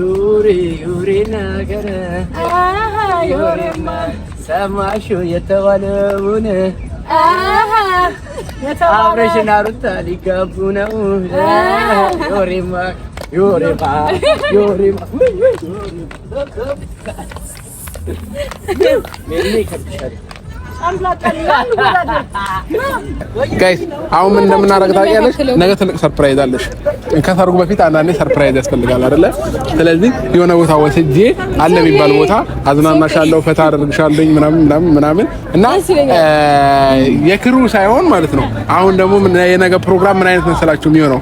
ዩሪ ዩሪ ነገር ዩሪማ ሰማሹ የተባለውን አብረሽና ሩታ ሊጋቡ ነው። ዩሪማ ዩሪማ ዩሪማ ሜሪ ከብሻል ጋይስ አሁን ምን እንደምናደርግ ታውቂያለሽ? ነገ ትልቅ ሰርፕራይዝ አለሽ። ከሰርጉ በፊት አንዳንዴ ሰርፕራይዝ ያስፈልጋል አይደለ? ስለዚህ የሆነ ቦታ ወስጄ አለ የሚባል ቦታ አዝናናሻለሁ፣ ፈታ አደርግሻለሁ ምናምን ምናምን ምናምን እና የክሩ ሳይሆን ማለት ነው። አሁን ደግሞ የነገ ፕሮግራም ምን አይነት መሰላችሁ የሚሆነው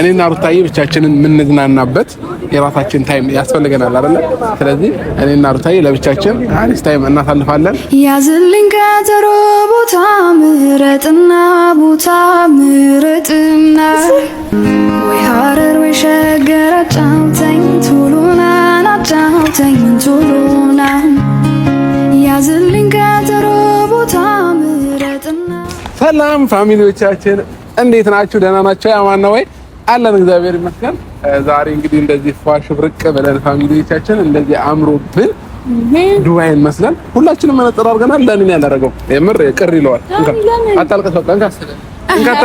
እኔና ሩታዬ ብቻችንን የምንዝናናበት የራሳችን ታይም ያስፈልገናል አይደለ? ስለዚህ እኔና ሩታዬ ለብቻችን አሪፍ ታይም እናሳልፋለን። ያዝልኝ ቀጠሮ ቦታ ምረጥና ቦታ ምረጥና ወይ ሀረር ወይ ሸገር አጫውተኝ ቱሉና አጫውተኝ ቱሉና ያዝልኝ ቀጠሮ ቦታ ምረጥና ሰላም ፋሚሊዎቻችን እንዴት ናችሁ? ደህና ናችሁ? ያማን ነው ወይ? አለን እግዚአብሔር ይመስገን። ዛሬ እንግዲህ እንደዚህ ፏሽ ብርቅ ብለን ፋሚሊዎቻችን እንደዚህ አምሮብን ዱባይን መስለን ሁላችንም መነጽር አድርገናል። ለምን ያላደረገው የምር ቅር ይለዋል። አታልቅስ በቃ እንካ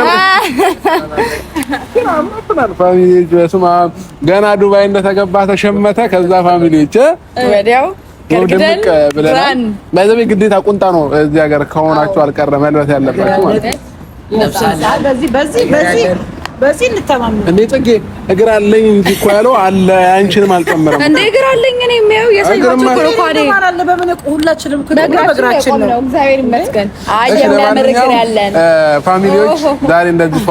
ፋሚሊዎች በስመ አብ ገና ዱባይ እንደተገባ ተሸመተ። ከዛ ፋሚሊዎች ወዲያው ግድግዳ ብለናል። ግዴታ ቁንጣ ነው እዚህ ሀገር ከሆናችሁ አልቀረ መልበስ ያለባችሁ ማለት ነው በዚህ ጽጌ እግር አለኝ እንጂ እኮ ያለው አለ። አንቺንም አልጨምረም እግር አለኝ እኔ የሚያዩ በምን ሁላችንም እኮ ነው። እግዚአብሔር ይመስገን። አይ የሚያምር እግር ያለን ፋሚሊዎች፣ ዛሬ እንደዚህ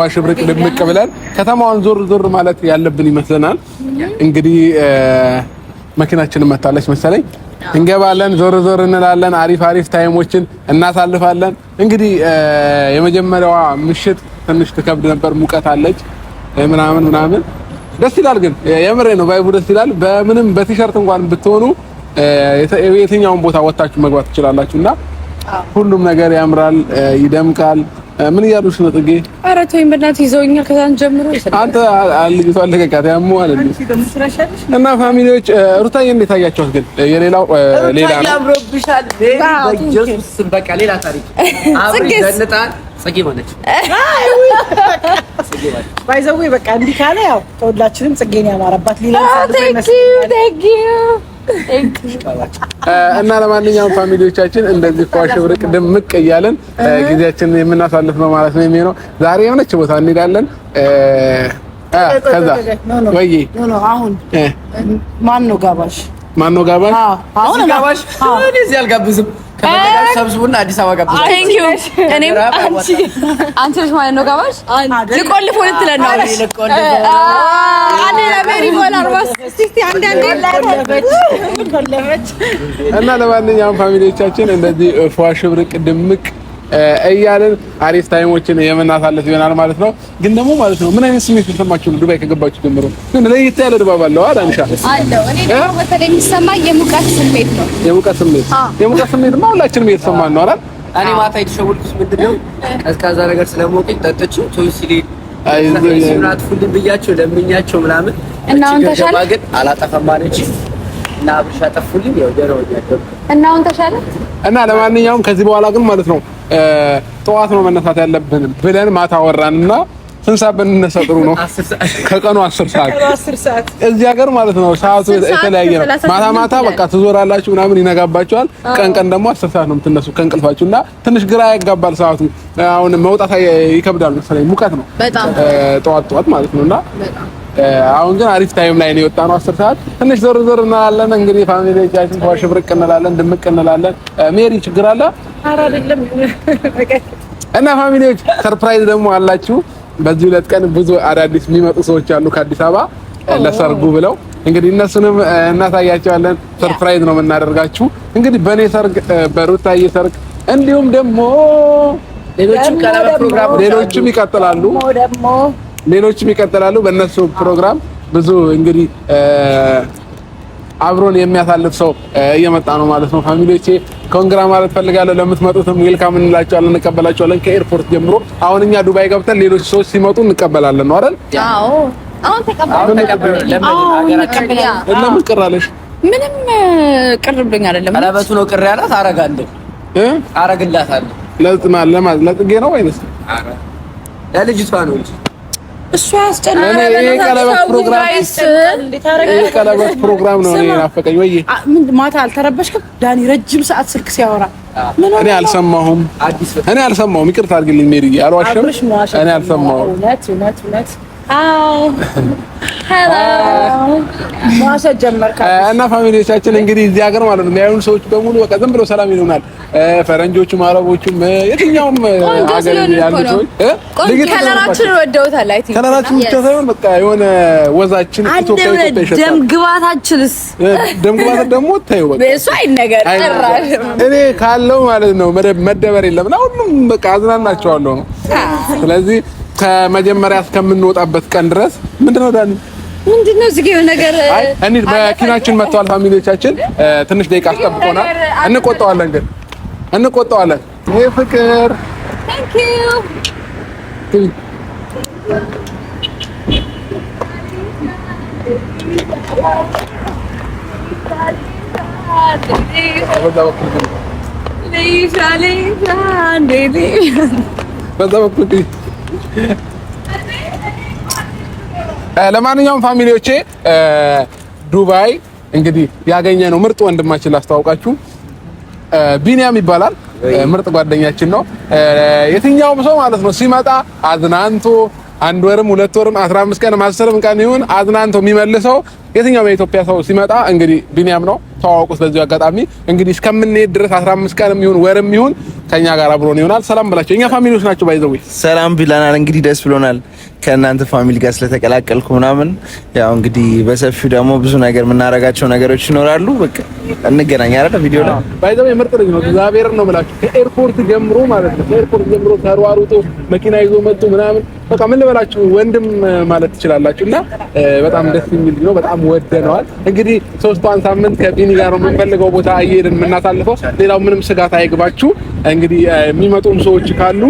ብለን ከተማዋን ዞር ዞር ማለት ያለብን ይመስለናል። እንግዲህ መኪናችንን መታለች መሰለኝ እንገባለን፣ ዞር ዞር እንላለን፣ አሪፍ አሪፍ ታይሞችን እናሳልፋለን። እንግዲህ የመጀመሪያዋ ምሽት ትንሽ ትከብድ ነበር፣ ሙቀት አለች ምናምን ምናምን። ደስ ይላል ግን የምሬ ነው፣ ቫይቡ ደስ ይላል። በምንም በቲሸርት እንኳን ብትሆኑ የትኛውን ቦታ ወጣችሁ መግባት ትችላላችሁ እና ሁሉም ነገር ያምራል፣ ይደምቃል። ምን እያሉሽ ነው ጥጌ? ኧረ ተወኝ በእናትህ ይዘውኛል። ከዛን ጀምሮ አንተ ልጅቷ አለቀቃት ያመዋል እና ፋሚሊዎች ሩታዬ እንዴት አያቸዋት ግን? የሌላው ሌላ ነው አምሮብሻል። በኢየሱስ በቃ ሌላ ታሪክ አብሪ ዘንጣል ጽጌ ሆነች። ወይ በቃ እንዲህ ካለ ያው ተወላችንም ጽጌን ያማረባት ሌላ ታሪክ ah, ነው። እና ለማንኛውም ፋሚሊዎቻችን እንደዚህ ፏሽብርቅ ድምቅ እያለን ጊዜያችንን የምናሳልፍ ነው ማለት ነው የሚሆነው። ዛሬ የሆነች ቦታ እንሄዳለን። ከዛ ወይ ማን ነው ጋባሽ? ማን ነው ጋባሽ? አሁን ጋባሽ እዚህ አልጋብዝም ሰብስቡና አዲስ አበባ ጋባ። እኔም አንቺ ነሽ ማለት ነው ጋባሽ። ልቆልፍ ሁለት ለን ነው እና ለማንኛውም ፋሚሊዎቻችን እንደዚህ ፏሽብርቅ ድምቅ እያልን አሪፍ ታይሞችን የምናሳልፍ ይሆናል ማለት ነው። ግን ደግሞ ማለት ነው ምን አይነት ስሜት ተሰማችሁ ነው ዱባይ ከገባችሁ ጀምሮ? ግን ለየት ያለ ድባብ አለው አይደል? አንሻ አለው። እኔ ደግሞ በተለይ የሚሰማኝ የሙቀት ስሜት ነው። የሙቀት ስሜት የሙቀት ስሜት ሁላችንም እየተሰማን ነው አይደል? እኔ ማታ የተሸወልኩት ምንድን ነው ቀዝቃዛ ነገር ስለሞቀኝ ጠጥቼ ቶንሲሌ ስራት ሁሉ ብያቸው ለምኛቸው ምናምን እና አሁን ተሻለ ግን አላጠፋም ማለች እና አብርሽ አጠፉልኝ ያው ጀረው እና አሁን ተሻለ እና ለማንኛውም ከዚህ በኋላ ግን ማለት ነው ጠዋት ነው መነሳት ያለብን ብለን ማታ ወራንና ስንት ሰዓት ብንነሳ ጥሩ ነው? ከቀኑ አስር ሰዓት እዚህ ሀገር ማለት ነው። ሰዓቱ የተለያየ ነው። ማታ ማታ በቃ ትዞራላችሁ ምናምን ይነጋባችኋል። ቀን ቀን ደግሞ አስር ሰዓት ነው የምትነሱ ከእንቅልፋችሁ እና ትንሽ ግራ ያጋባል ሰዓቱ። አሁን መውጣት ይከብዳል መሰለኝ፣ ሙቀት ነው በጣም ጠዋት ጠዋት ማለት ነው እና አሁን ግን አሪፍ ታይም ላይ ነው የወጣ ነው። አስር ሰዓት ትንሽ ዞር ዞር እንላለን። እንግዲህ ፋሚሊ ጃችን ተዋሽ ብርቅ እንላለን፣ ድምቅ እንላለን። ሜሪ ችግር አለ አይደለም? እና ፋሚሊዎች ሰርፕራይዝ ደግሞ አላችሁ። በዚህ ሁለት ቀን ብዙ አዳዲስ የሚመጡ ሰዎች አሉ ከአዲስ አበባ ለሰርጉ ብለው እንግዲህ እነሱንም እናሳያቸዋለን። ሰርፕራይዝ ነው የምናደርጋችሁ። እንግዲህ በኔ ሰርግ፣ በሩታዬ ሰርግ እንዲሁም ደግሞ ሌሎችም ሌሎችም ይቀጥላሉ ደግሞ ሌሎችም ይቀጥላሉ። በእነሱ ፕሮግራም ብዙ እንግዲህ አብሮን የሚያሳልፍ ሰው እየመጣ ነው ማለት ነው። ፋሚሊዎቼ ኮንግራ ማለት ፈልጋለሁ። ለምትመጡትም ዌልካም እንላቸዋለን፣ እንቀበላቸዋለን ከኤርፖርት ጀምሮ። አሁን እኛ ዱባይ ገብተን ሌሎች ሰዎች ሲመጡ እንቀበላለን ነው አይደል? ለምን ቅር አለሽ? ምንም ቅርብኝ ብሎኝ አይደለም። ቀለበቱ ነው ቅር ያላት። አረጋለሁ አረግላታለሁ ለጥማ ለማዝ ለጥጌ ነው ወይስ ለልጅቷ ነው እንጂ እሱ ቀለበት ፕሮግራም ነው ናፈቀኝ። ወይ ማታ አልተረበሽክም? ዳኒ ረጅም ሰዓት ስልክ ሲያወራ እኔ አልሰማሁም። እኔ አልሰማሁም። ይቅርታ አድርግልኝ ሜሪ፣ አልዋሽም። እኔ አልሰማሁም። እና ፋሚሊዎቻችን እንግዲህ እዚህ ሀገር ማለት ነው የሚያዩን ሰዎች በሙሉ በቃ ዝም ብለው ሰላም ይሉናል። ፈረንጆቹም አረቦቹም የትኛውም ሀገር ያሉት ሰዎች ከለራችን ወደውታል። አይ ቲንክ ከለራችን ብቻ ሳይሆን በቃ የሆነ ወዛችን ኢትዮጵያ ኢትዮጵያ ደም ግባታችንስ ደም ግባት ደግሞ ታዩ በቃ እሱ አይ ነገር ጭራሽ እኔ ካለው ማለት ነው መደበር የለም እና ሁሉም በቃ አዝናናቸዋለሁ ነው። ስለዚህ ከመጀመሪያ እስከምንወጣበት ቀን ድረስ ምንድነው ዳኒ ምንድነው ነው እዚህ ነገር አይ እንዴ መኪናችን መጥተዋል። ፋሚሊዎቻችን ትንሽ ደቂቃ አስጠብቆናል። እንቆጠዋለን ግን እንቆጣዋለን። ይሄ ፍቅር ለማንኛውም ፋሚሊዎቼ ዱባይ እንግዲህ ያገኘ ነው ምርጥ ወንድማችን ላስተዋውቃችሁ። ቢኒያም ይባላል። ምርጥ ጓደኛችን ነው። የትኛውም ሰው ማለት ነው ሲመጣ አዝናንቶ አንድ ወርም ሁለት ወርም 15 ቀን አስርም ቀን ይሁን አዝናንቶ የሚመልሰው የትኛውም የኢትዮጵያ ሰው ሲመጣ እንግዲህ ቢኒያም ነው። ተዋወቁት። በዚሁ አጋጣሚ እንግዲህ እስከምንሄድ ድረስ 15 ቀንም ይሁን ወርም ይሁን ከኛ ጋር አብሮን ይሆናል። ሰላም ብላቸው። እኛ ፋሚሊዎች ናቸው። ባይዘው ሰላም ብለናል። እንግዲህ ደስ ብሎናል። ከእናንተ ፋሚሊ ጋር ስለተቀላቀልኩ ምናምን ያው እንግዲህ በሰፊው ደግሞ ብዙ ነገር የምናረጋቸው ነገሮች ይኖራሉ። በቃ እንገናኝ አይደለ? ቪዲዮ ላይ ባይዘው የምርጥ ልጅ ነው። እግዚአብሔርን ነው የምላችሁ። ከኤርፖርት ጀምሮ ማለት ነው ከኤርፖርት ጀምሮ ተሯሩጦ መኪና ይዞ መጡ ምናምን። በቃ ምን ልበላችሁ ወንድም ማለት ትችላላችሁ። እና በጣም ደስ የሚል ነው። በጣም ወደነዋል። እንግዲህ ሶስቷን ሳምንት ከቢኒ ጋር ነው የምንፈልገው ቦታ እየሄድን የምናሳልፈው። ሌላው ምንም ስጋት አይግባችሁ። እንግዲህ የሚመጡም ሰዎች ካሉ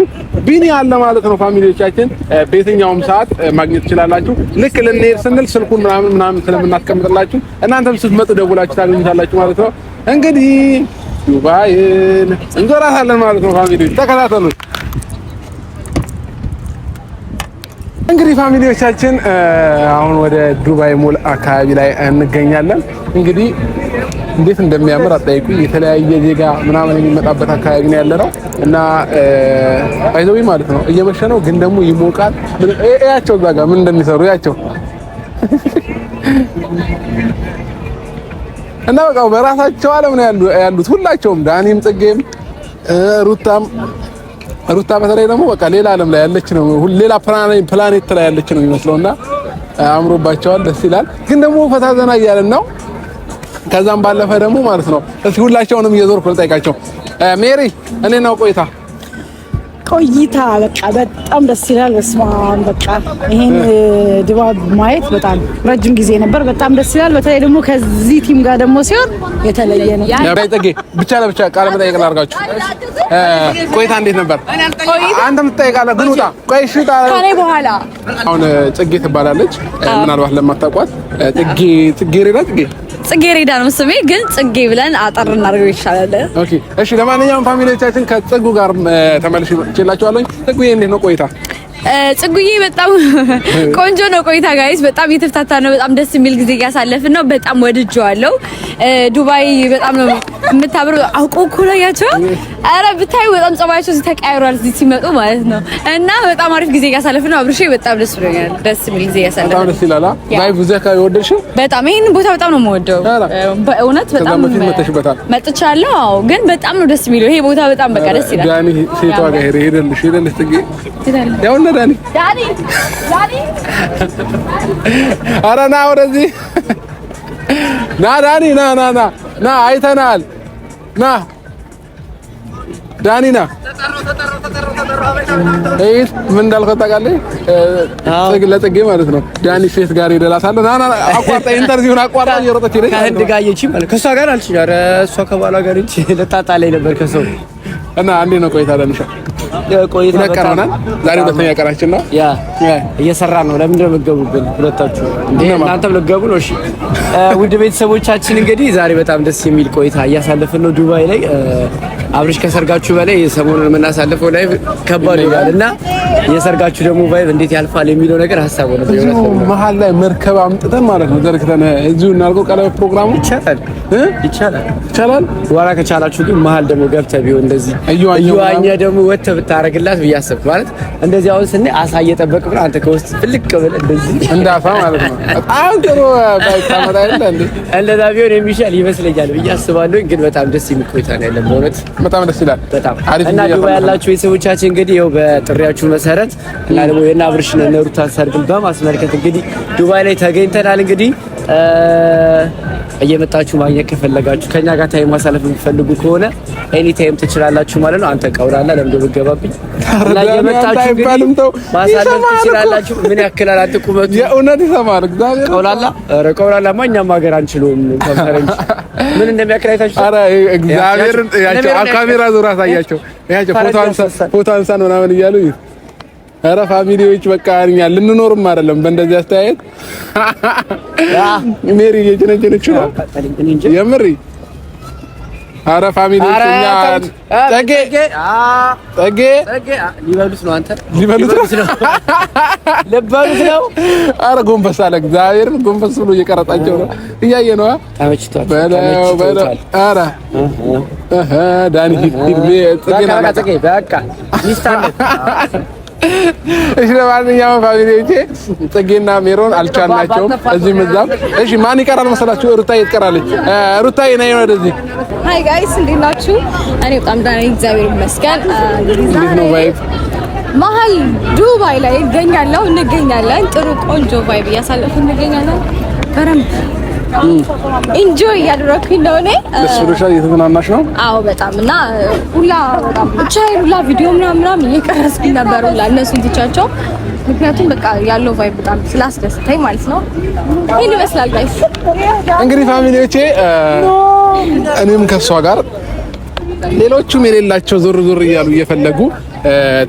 ቢኒ አለ ማለት ነው ፋሚሊዎቻችን በየትኛውም በየትኛውም ሰዓት ማግኘት ትችላላችሁ። ልክ ልንሄድ ስንል ስልኩን ምናምን ምናምን ስለምናስቀምጥላችሁ እናንተም ስትመጡ ደውላችሁ ታገኙታላችሁ ማለት ነው። እንግዲህ ዱባይን እንዞራታለን ማለት ነው። ፋሚሊዎች ተከታተሉ። እንግዲህ ፋሚሊዎቻችን አሁን ወደ ዱባይ ሞል አካባቢ ላይ እንገኛለን። እንግዲህ እንዴት እንደሚያምር አጣይቁ የተለያየ ዜጋ ምናምን የሚመጣበት አካባቢ ነው ያለ ነው እና አይዘዊ ማለት ነው። እየመሸ ነው ግን ደግሞ ይሞቃል። እያቸው እዛ ጋር ምን እንደሚሰሩ እያቸው እና በቃ በራሳቸው አለም ነው ያሉት ሁላቸውም፣ ዳኒም፣ ጽጌም፣ ሩታም ሩታ በተለይ ደግሞ በቃ ሌላ አለም ላይ ያለች ነው፣ ሌላ ፕላኔት ላይ ያለች ነው የሚመስለው እና አምሮባቸዋል። ደስ ይላል። ግን ደግሞ ፈታ ዘና እያለን ነው ከዛም ባለፈ ደግሞ ማለት ነው እስኪ ሁላቸውንም እየዞርኩ ልጠይቃቸው። ሜሪ እኔ ነው ቆይታ ቆይታ በቃ በጣም ደስ ይላል። በስመ በቃ ይሄን ድባብ ማየት በጣም ረጅም ጊዜ ነበር። በጣም ደስ ይላል። በተለይ ደግሞ ከዚህ ቲም ጋር ደግሞ ሲሆን የተለየ ነው። ብቻ ለብቻ ቃለ መጠየቅ ላድርጋችሁ። ቆይታ እንዴት ነበር? አንተ የምትጠይቃለህ ግን ውጣ። ቆይ እሺ ውጣ ከእኔ በኋላ። አሁን ጽጌ ትባላለች። ምናልባት ለማታውቋት ጽጌ ጽጌ ሬዳ ጽጌ ጽጌሬዳ ነው ስሜ፣ ግን ጽጌ ብለን አጠር እናድርገው ይሻላል። እሺ። ለማንኛውም ፋሚሊዎቻችን ከጽጉ ጋር ተመልሽ አምጥቼላችኋለሁ። ጽጉዬ እንዴት ነው ቆይታ? ጽጉዬ በጣም ቆንጆ ነው ቆይታ ጋይስ። በጣም እየተፍታታ ነው። በጣም ደስ የሚል ጊዜ እያሳለፍን ነው። በጣም ወድጄዋለሁ። ዱባይ በጣም ነው የምታምረው። አውቆ እኮ አረ ብታይ በጣም ጸባያቸው እዚህ ተቀያይሯል፣ እዚህ ሲመጡ ማለት ነው። እና በጣም አሪፍ ጊዜ እያሳለፍን ነው። አብርሽ በጣም ደስ ብሎኛል። ደስ የሚል ጊዜ እያሳለፍን በጣም ደስ ይላል። ቫይብ እዚህ አካባቢ ወደድሽው? በጣም ይሄንን ቦታ በጣም ነው የምወደው በእውነት በጣም መጥቻለሁ። ግን በጣም ነው ደስ የሚለው ይሄ ቦታ በጣም በቃ ደስ ይላል። ዳኒ ሴቷ ጋር ሄደልሽ ሄደልሽ ትጌ ያው እና ዳኒ ዳኒ ዳኒ አረ ና ወደዚህ ና ዳኒ ና ና ና ና አይተናል ና ዳኒና እይት ምን እንዳልከው ታውቃለህ? ጽግ ለጽጌ ማለት ነው። ዳኒ ሴት ጋር ይደላሳለ ና ና አቋርጣ ኢንተርቪውን አቋርጣ እየሮጠች ይለኝ ከህንድ ጋር እየቺ ማለት ከእሷ ጋር አልችኝ። ኧረ እሷ ከባሏ ጋር እንጂ ላይ ነበር ከሰው እና አንዴ ነው ቆይታ ዳንሻ ቆይታ በቃናል። ዛሬ ሁለተኛ ቀናችን ነው። ያ እየሰራ ነው። ለምን እንደምትገቡብን ሁለታችሁ እናንተም ልትገቡ ነው። እሺ ውድ ቤተሰቦቻችን እንግዲህ ዛሬ በጣም ደስ የሚል ቆይታ እያሳለፍን ነው ዱባይ ላይ አብርሽ ከሰርጋችሁ በላይ የሰሞኑን የምናሳልፈው ላይ ከባድ ይላል እና የሰርጋችሁ ደግሞ ቫይብ እንዴት ያልፋል የሚለው ነገር ሀሳቡ ነው። መሀል ላይ መርከብ አምጥተን ማለት ነው ዘርክተን እዚሁ እናድርገው። ቀለበት ፕሮግራሙ ይቻላል ይቻላል ዋላ ከቻላችሁ ግን መሀል ደግሞ ገብተህ ቢሆን እንደዚህ እየዋኘ ደግሞ ወጥተህ ብታረግላት ብዬ አሰብኩ። ማለት እንደዚህ አሁን ስኔ አሳ እየጠበቅ ብለህ አንተ ከውስጥ ፍልቅ ብለህ እንደዚህ እንዳፋ ማለት ነው። በጣም ጥሩ ባይታመጣ እንደዛ ቢሆን የሚሻል ይመስለኛል ብዬ አስባለሁ። ግን በጣም ደስ የሚቆይታ ነው ያለን በእውነት በጣም ደስ ይላል። እና ዱባይ ያላችሁ ቤተሰቦቻችን እንግዲህ ይኸው በጥሪያችሁ መሰረት እና ደግሞ የእነ አብርሽን የእነ ሩታን ሰርግን በማስመልከት እንግዲህ ዱባይ ላይ ተገኝተናል እንግዲህ እየመጣችሁ ማግኘት ከፈለጋችሁ ከኛ ጋር ታይም ማሳለፍ የምትፈልጉ ከሆነ ኤኒ ታይም ትችላላችሁ ማለት ነው። አንተ ቀውራላ ለምዶ ብገባብኝ እና እየመጣችሁ ግን ማሳለፍ ትችላላችሁ። ምን ያክል አላት ቁመቱ የእውነት ይሰማል። እግዚአብሔር ቀውላላ፣ ኧረ ቀውላላማ እኛም ሀገር አንችልም። ኮንፈረንስ ምን እንደሚያክል አይታችሁ። ኧረ እግዚአብሔር ያቸው ካሜራ ዞራ ታያቸው ያቸው ፎቶ አንሳ ፎቶ አንሳን ምናምን እያሉ ኧረ ፋሚሊዎች በቃ እኛ ልንኖርም አይደለም በእንደዚህ አስተያየት። ሜሪ እየጨነጨነች ነው የምሪ። አረ ፋሚሊዎች እኛ ጸጌ ጸጌ ሊበሉት ነው፣ አንተ ሊበሉት ነው፣ ልበሉት ነው። ኧረ ጎንበስ አለ እግዚአብሔር ጎንበስ ብሎ እየቀረጣቸው ነው፣ እያየ ነው። ተመችቷል በለው በለው። ኧረ ዳኒ ሂድ ሂድ፣ በቃ ሚስት እሺ ለማንኛውም ፋሚሊዎቼ ጽጌና ሜሮን አልቻልናቸውም። እዚህም እዛም። እሺ ማን ይቀራል መሰላችሁ? ሩታዬ ትቀራለች። ሩታዬ ነይ ወደዚህ። ሃይ ጋይስ እንዴት ናችሁ? እኔ በጣም ደህና ነኝ እግዚአብሔር ይመስገን። መሀል ዱባይ ላይ እገኛለሁ፣ እንገኛለን። ጥሩ ቆንጆ ቫይብ እያሳለፉ እንገኛለን በደንብ ኢንጆይ እያደረኩኝ ነው። እኔ ደስ ብሎሻል? እየተዝናናሽ ነው? አዎ በጣም እና ሁላ ብቻ ሁላ ቪዲዮ ምናምን ምናምን እየቀረስኩኝ ነበር ሁላ እነሱን ትቻቸው ምክንያቱም በቃ ያለው ቫይብ በጣም ስላስደስተኝ ማለት ነው። ይሄን ይመስላል ጋይስ። እንግዲህ ፋሚሊዎቼ እኔም ከሷ ጋር ሌሎቹም የሌላቸው ዞር ዞር እያሉ እየፈለጉ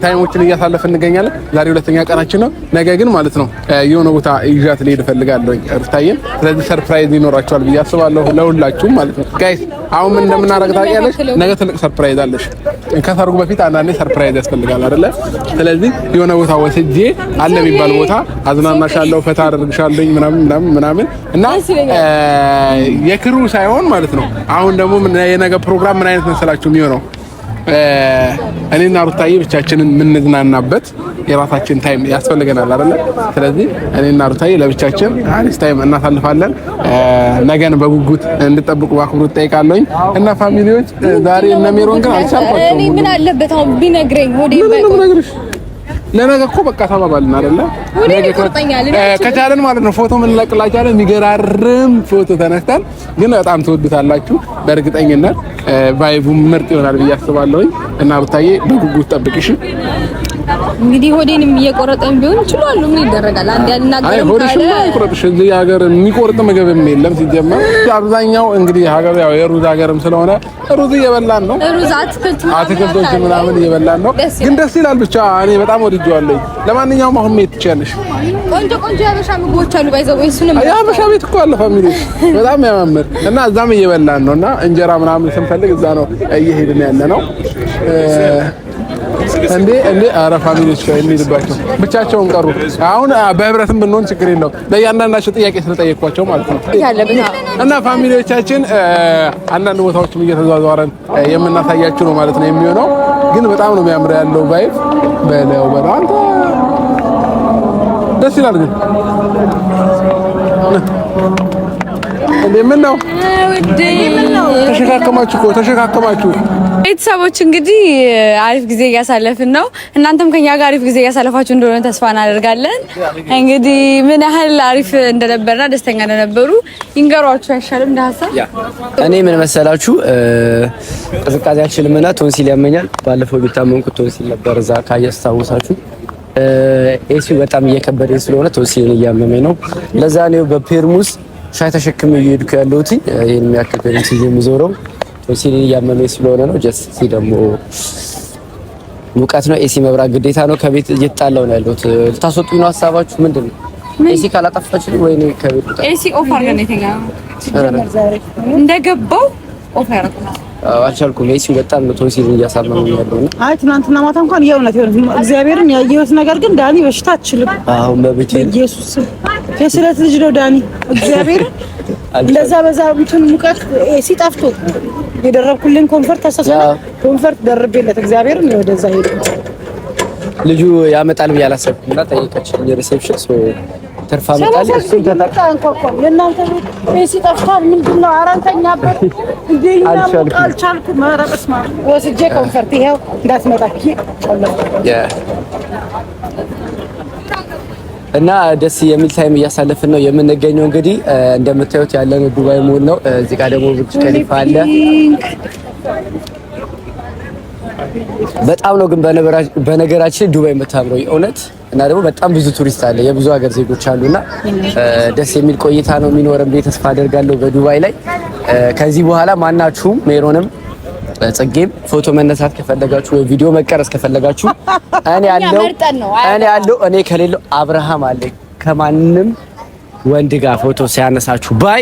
ታይሞችን እያሳለፍ እንገኛለን። ዛሬ ሁለተኛ ቀናችን ነው። ነገ ግን ማለት ነው የሆነ ቦታ ይዣት ልሄድ እፈልጋለሁ ሩታዬን። ስለዚህ ሰርፕራይዝ ይኖራቸዋል ብዬ አስባለሁ ለሁላችሁም ማለት ነው ጋይስ። አሁን ምን እንደምናደርግ ታውቂያለሽ? ነገ ትልቅ ሰርፕራይዝ አለሽ። ከሰርጉ በፊት አንዳንዴ ሰርፕራይዝ ያስፈልጋል አይደለ? ስለዚህ የሆነ ቦታ ወስጄ አለ የሚባል ቦታ አዝናናሻለሁ፣ ፈታ አደርግሻለሁ ምናምን ምናምን ምናምን እና የክሩ ሳይሆን ማለት ነው። አሁን ደግሞ የነገ ፕሮግራም ምን አይነት መሰላችሁ የሚሆነው እኔና ሩታዬ ብቻችንን የምንዝናናበት የራሳችን ታይም ያስፈልገናል አይደለ? ስለዚህ እኔና ሩታዬ ለብቻችን አሪፍ ታይም እናሳልፋለን። ነገን በጉጉት እንድጠብቁ በአክብሮት ጠይቃለሁኝ። እና ፋሚሊዎች ዛሬ እነ ሜሮን ግን አልቻልኳቸውም። ምን አለበት አሁን ቢነግረኝ ወደ ለነገ እኮ በቃ ተባባልን አይደለ? ከቻለን ማለት ነው ፎቶ ምን ለቅላቻለን የሚገራርም ፎቶ ተነስተን ግን በጣም ትወዱታላችሁ በእርግጠኝነት። ቫይቡ ምርጥ ይሆናል ብዬ አስባለሁኝ እና ብታዬ በጉጉት ጠብቅሽ እንግዲህ ሆዴንም እየቆረጠን ቢሆን ይችላል። ምን ይደረጋል? አንድ ያልናገርም ካለ አይ ሆዴሽ አይቆረጥሽ። እዚህ ሀገር የሚቆርጥ ምግብም የለም ሲጀመር። አብዛኛው እንግዲህ ሀገር ያው የሩዝ ሀገርም ስለሆነ ሩዝ እየበላን ነው። ሩዝ አትክልት፣ አትክልቶች ምናምን እየበላን ነው። ግን ደስ ይላል። ብቻ እኔ በጣም ወድጄዋለሁ። ለማንኛውም አሁን ሜት ትችያለሽ። ቆንጆ ቆንጆ ያበሻ ምግቦች አሉ። ባይዘው እሱንም ያበሻ ቤት እኮ አለ ፋሚሊ፣ በጣም ያማምር እና እዛም እየበላን ነውና እንጀራ ምናምን ስንፈልግ እዛ ነው እየሄድን ያለ ነው። እንዴ እንዴ፣ ኧረ ፋሚሊዎች ጋር የሚሄድባቸው ብቻቸውን ቀሩ። አሁን በህብረትም ብንሆን ችግር የለውም። ለእያንዳንዳቸው ጥያቄ ስለጠየቅኳቸው ማለት ነው። እና ፋሚሊዎቻችን አንዳንድ ቦታዎችም እየተዘዋወረን የምናሳያችሁ ነው ማለት ነው የሚሆነው። ግን በጣም ነው የሚያምረው ያለው ቫይብ በለው በለው አንተ ደስ ይላል ግን ምነው ተሸካከማችሁ እኮ ተሸካከማችሁ። ቤተሰቦች እንግዲህ አሪፍ ጊዜ እያሳለፍን ነው። እናንተም ከኛ ጋር አሪፍ ጊዜ እያሳለፋችሁ እንደሆነ ተስፋ እናደርጋለን። እንግዲህ ምን ያህል አሪፍ እንደነበርና ደስተኛ እንደነበሩ ይንገሯችሁ አይሻልም? እንደ ሀሳብ እኔ ምን መሰላችሁ ቅዝቃዜያችን ምና ቶንሲል ያመኛል። ባለፈው ቢታመምኩት ቶንሲል ነበር እዛ ካያስታውሳችሁ ኤሲው በጣም እየከበደኝ ስለሆነ ቶንሲልን እያመመኝ ነው። ለዛ ነው በፔርሙስ ሻይ ተሸክም እየሄድኩ ያለሁት ይህን የሚያክል ፔሬንት የምዞረው ሲኒ እያመመኝ ስለሆነ ነው። ጀስት ሲ ደግሞ ሙቀት ነው። ኤሲ መብራት ግዴታ ነው። ከቤት እየተጣላሁ ነው ያለሁት። ልታስወጡ ነው ሀሳባችሁ ምንድን ነው? ኤሲ ካላጠፋችሁ ወይ ከቤት ኤሲ ኦፍ አርገን እንደገባው አልቻልኩም። ኤሲ በጣም ቶንሲል እያሳመመኝ ያለው አይ ትናንትና ማታ እንኳን የእውነት እግዚአብሔርን ያየሁት ነገር ግን ዳኒ በሽታ አችልም። አሁን በብቻ ኢየሱስ የስለት ልጅ ነው ዳኒ። እግዚአብሔር እንደዛ በዛ እንትን ሙቀት ኤሲ ጠፍቶ የደረብኩልን ኮንፈርት ተሰሰ ኮንፈርት ደርቤለት እግዚአብሔርን ወደዛ ሄደ ልጁ ያመጣል ብዬ አላሰብኩም እና ጠየቀችኝ የሪሴፕሽን ተርፋ መጣለች። እሱ እና ደስ የሚል ታይም እያሳለፍን ነው የምንገኘው። እንግዲህ እንደምታዩት ያለን ዱባይ ሞል ነው። እዚህ ጋር ደግሞ ብርጅ ከሊፋ አለ። በጣም ነው ግን በነገራችን ዱባይ የምታምረው የእውነት እና ደግሞ በጣም ብዙ ቱሪስት አለ፣ የብዙ ሀገር ዜጎች አሉና ደስ የሚል ቆይታ ነው የሚኖረን ብዬ ተስፋ አደርጋለሁ በዱባይ ላይ። ከዚህ በኋላ ማናችሁም ሜሮንም ጽጌም ፎቶ መነሳት ከፈለጋችሁ ወይ ቪዲዮ መቀረጽ ከፈለጋችሁ እኔ ያለው እኔ ያለው እኔ ከሌለው አብርሃም አለ ከማንም ወንድ ጋር ፎቶ ሲያነሳችሁ ባይ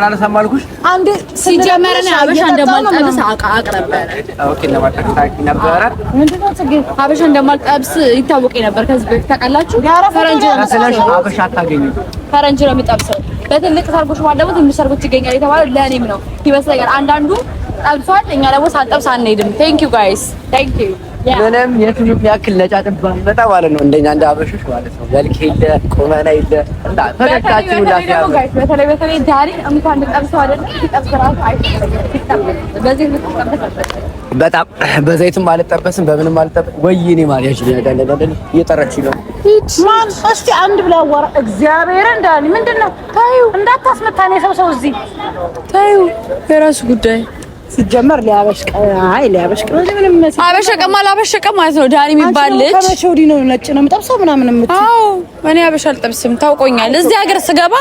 አላነሳም አልኩሽ። አንድ ሲጀመር ነው ሀበሻ እንደማልጠብስ አቅረበ ኦኬ፣ ለማጠቅ ታቂ ነበረ። ምንድነው ጽጌ ሀበሻ እንደማልጠብስ ይታወቅ ነበር ከዚህ በፊት ታውቃላችሁ። ፈረንጅ ነው ስለሽ ሀበሻ አታገኙም። ፈረንጅ ነው የሚጠብሰው። በትልቅ ሰርጎች ማለት ደግሞ ትንሽ ሰርጎች ይገኛል የተባለው ለእኔም ነው ይመስለኛል። አንዳንዱ ጠብሷል፣ እኛ ደግሞ ሳንጠብስ አንሄድም። ቴንክ ዩ ጋይስ ቴንክ ዩ ምንም የቱንም ያክል ነጫጭባ መጣ ማለት ነው። እንደኛ እንደ አበሾች ማለት ነው። መልክ የለ ቁመና የለ እና ሁላ በተለይ በተለይ ዳሪ እንኳን አይደለም በጣም በዘይትም አልጠበስም በምንም አልጠበስም። ወይኔ ማርያም ያዳለዳለ ነው። ማን እስቲ አንድ ብላ አዋራ እግዚአብሔርን ዳኒ ምንድን ነው? ተይው እንዳታስመታኝ። የሰው ሰው እዚህ ተይው፣ የራሱ ጉዳይ ሲጀመር ሊያበሽቀ አይ ሊያበሽቀ ምንም አበሸቀም አላበሸቀም ማለት ነው። ዳኒ የሚባል ልጅ ከመቼ ወዲህ ነው ነጭ ነው የምጠብሰው ምናምን የምትይው? አዎ እኔ አበሻ አልጠብስም ታውቆኛል። እዚህ ሀገር ስገባ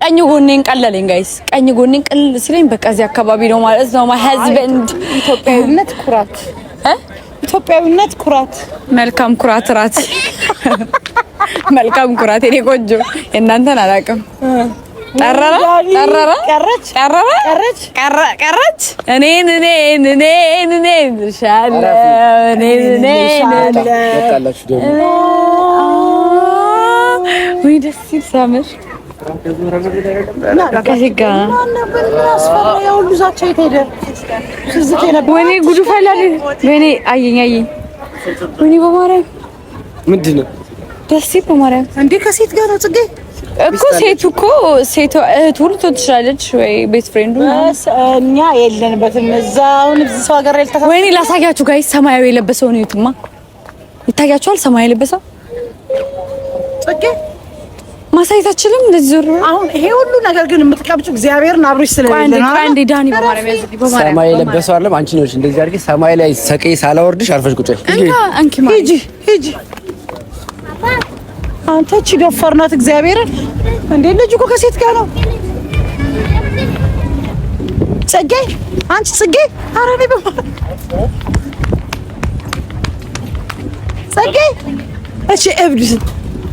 ቀኝ ጎኔን ቀለለኝ። ጋይስ ቀኝ ጎኔን ቀል ሲለኝ በቃ እዚህ አካባቢ ነው ማለት ነው። ማይ ሀዝበንድ ኢትዮጵያዊነት ኩራት እ ኢትዮጵያዊነት ኩራት መልካም ኩራት መልካም ኩራት ቆንጆ የእናንተን አላውቅም። ጠረረ ጠረረ ቀረች ጠረረ ቀረች ቀረች እኔን እኔን እኔን እኔን እልሻለሁ እኔን እኔን ወይ ደስ ሲል ሲያምር ወይኔ ጉዱ ፈላል ወይኔ አየኝ አየኝ። ወይኔ በማርያም ምንድን ነው ደስ ሲል በማርያም እንዴ ከሴት ጋር ነው ጽጌ እኮ ሴቱ እኮ ሴቱ እህቱ ልትሆን ትችላለች ወይ ቤት ፍሬንዱ እኛ የለንበትም። እዛ አሁን እዚህ ሰው ሀገር ያልተሳ ወይኔ ላሳያችሁ ጋይ ሰማያዊ የለበሰው ነው የትማ ይታያችኋል? ሰማያዊ የለበሰው ኦኬ፣ ማሳየት አችልም። እንደዚህ አሁን ይሄ ሁሉ ነገር ግን የምትቀብጩ እግዚአብሔርን አብሮሽ ስለሌለ ነው። አንዴ ዳኒ በማርያም ያዝልኝ። ሰማይ የለበሰው አይደለም አንቺ ነሽ። እንደዚህ አድርጌ ሰማይ ላይ ሰቀይ ሳላወርድሽ አርፈሽ ቁጭ ሂጂ፣ ሂጂ አንተ እቺ ደፋር ናት። እግዚአብሔር እንዴ ልጅ እኮ ከሴት ጋር ነው። ጽጌ አንቺ ጽጌ፣ ኧረ እኔ በማርያም ጽጌ፣ እሺ እብድ፣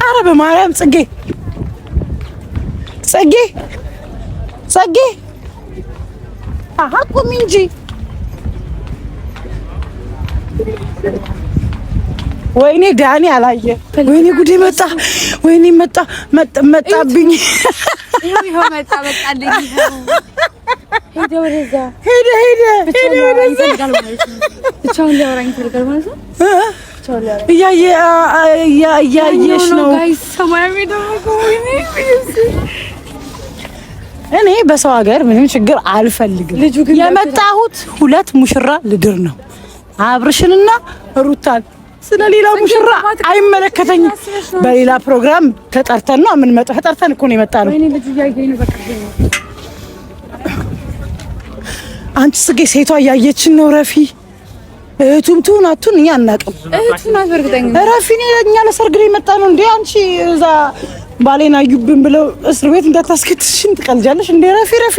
ኧረ በማርያም ጽጌ፣ ጽጌ፣ ጽጌ፣ አሃ ቁሚ እንጂ ወይኔ ዳኒ አላየ። ወይኔ ጉዴ መጣ፣ ወይኔ መጣ፣ መጣ፣ መጣልኝ። ሄደ ሄደ ሄደ እያየሽ ነው። እኔ በሰው ሀገር ምንም ችግር አልፈልግም። የመጣሁት ሁለት ሙሽራ ልድር ነው፣ አብርሽንና ሩታን ስለ ሌላ ሙሽራ አይመለከተኝም። በሌላ ፕሮግራም ተጠርተን ነው የምንመጣው። ተጠርተን እኮ ነው የመጣነው። አንቺ ጽጌ፣ ሴቷ እያየችን ነው። ረፊ እህቱም ትሁን አትሁን እኛ አናውቅም። እህቱ ናት ረፊ። እኛ ለሰርግ ነው እንዴ አንቺ እዛ ባሌን አዩብን ብለው እስር ቤት እንዳታስከትሽን ትቀልጃለሽ እንዴ? ረፊ ረፊ፣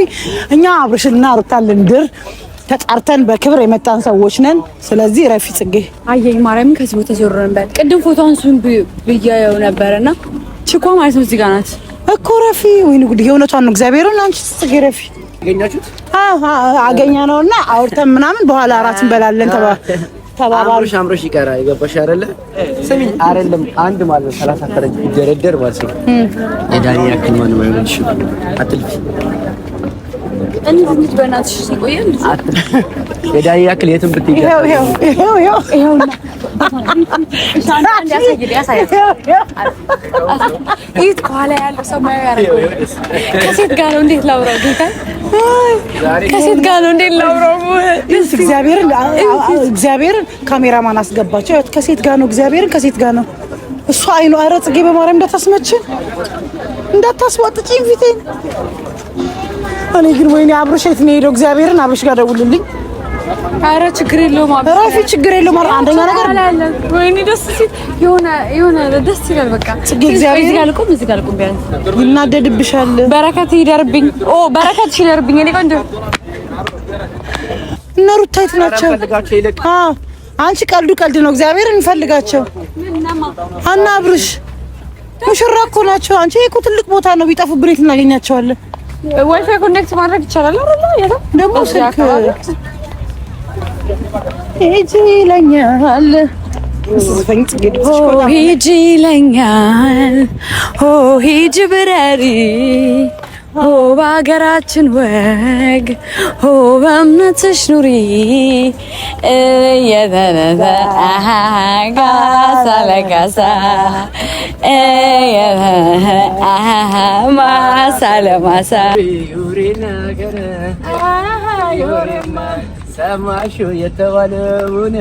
እኛ አብርሽና ሩታልን ድር ተጣርተን በክብር የመጣን ሰዎች ነን። ስለዚህ ረፊ ጽጌ አየኝ ማርያም ከዚህ ቦታ ዞሮ ነበር። ቅድም ፎቶውን ሱን ብያየው ነበር እና ችኳ ማለት ነው እዚህ ጋር ናት እኮ ረፊ። ወይኔ ጉድ! የእውነቷን ነው እግዚአብሔርን። አንቺ ጽጌ ረፊ አገኛችሁት? አገኛ ነው እና አውርተን ምናምን በኋላ እራት እንበላለን ተባ አምሮሽ አምሮሽ ይቀራል። የገባሽ አይደለ? ስሚኝ አይደለም አንድ ማለት ሰላሳ ፈረንጅ ይደረደር ማለት ነው የዳኒ ያክል ማንም አይሆንልሽም። አትልፊ የዳኒ ያክል የትም ብትይ ከኋላ ያለው ሰማያዊ ከሴት ጋር ነው። እንዴት ላውራው? ከሴት ጋር ነው። እንዴት ላውራው? እግዚአብሔርን ካሜራማን አስገባቸው። ከሴት ጋር ነው። እግዚአብሔርን ከሴት ጋር ነው። እሷ አይኑ ኧረ ጽጌ በማርያም እንዳታስመችን እንዳታስዋጥጪ ፊቴን እኔ ግን ወይኔ አብርሽ የት ነው የሄደው? እግዚአብሔርን አብርሽ ጋር ደውልልኝ። ኧረ ችግር የለውም እረፊ፣ ችግር የለውም። አንደኛ ነገር ወይኔ ደስ ሲል የሆነ የሆነ ደስ ይላል። በቃ እዚህ ጋር ልቁም፣ እዚህ ጋር ልቁም። ቢያንስ ይናደድብሻል። በረከት ይደርብኝ፣ ኦ በረከት ይደርብኝ። እኔ ቆንጆ እነ ሩታ የት ናቸው? አዎ አንቺ ቀልዱ ቀልድ ነው። እግዚአብሔር እንፈልጋቸው እና አብርሽ ሙሽራ እኮ ናቸው። አንቺ እኮ ትልቅ ቦታ ነው። ቢጠፉብን የት እናገኛቸዋለን? ዋይፋይ ኮኔክት ማድረግ ይቻላል አይደል? ያታ ደግሞ ስልክ ሂጂ ይለኛል፣ ሂጂ ይለኛል፣ ሂጂ ብረሪ ሆ በሀገራችን ወግ ሆ በእምነትሽ ኑሪ እየተነሳ የተባለውን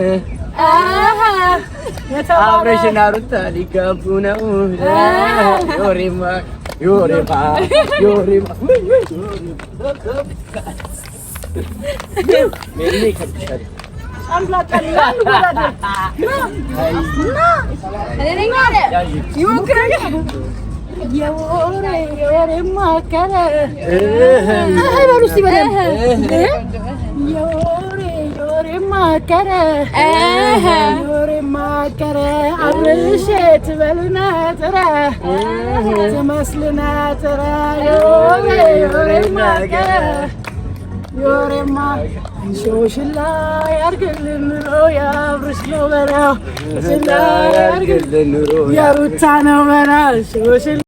Operation ah. Naruto di Kabuna Uda uh, ah. Yorima Yorima Yorima Ambla kali lu udah deh. Nah. Ada yang ada. Ya ukra. Ya ore ore makara. Eh. Ya ore. ማከረ ኖሬ ማከረ ጥረ ጥረ ማከረ ዮሬማ እንሾሽላ ያርግልን ኑሮ ነው በራ ያርግልን ኑሮ ነው በራ እንሾሽላ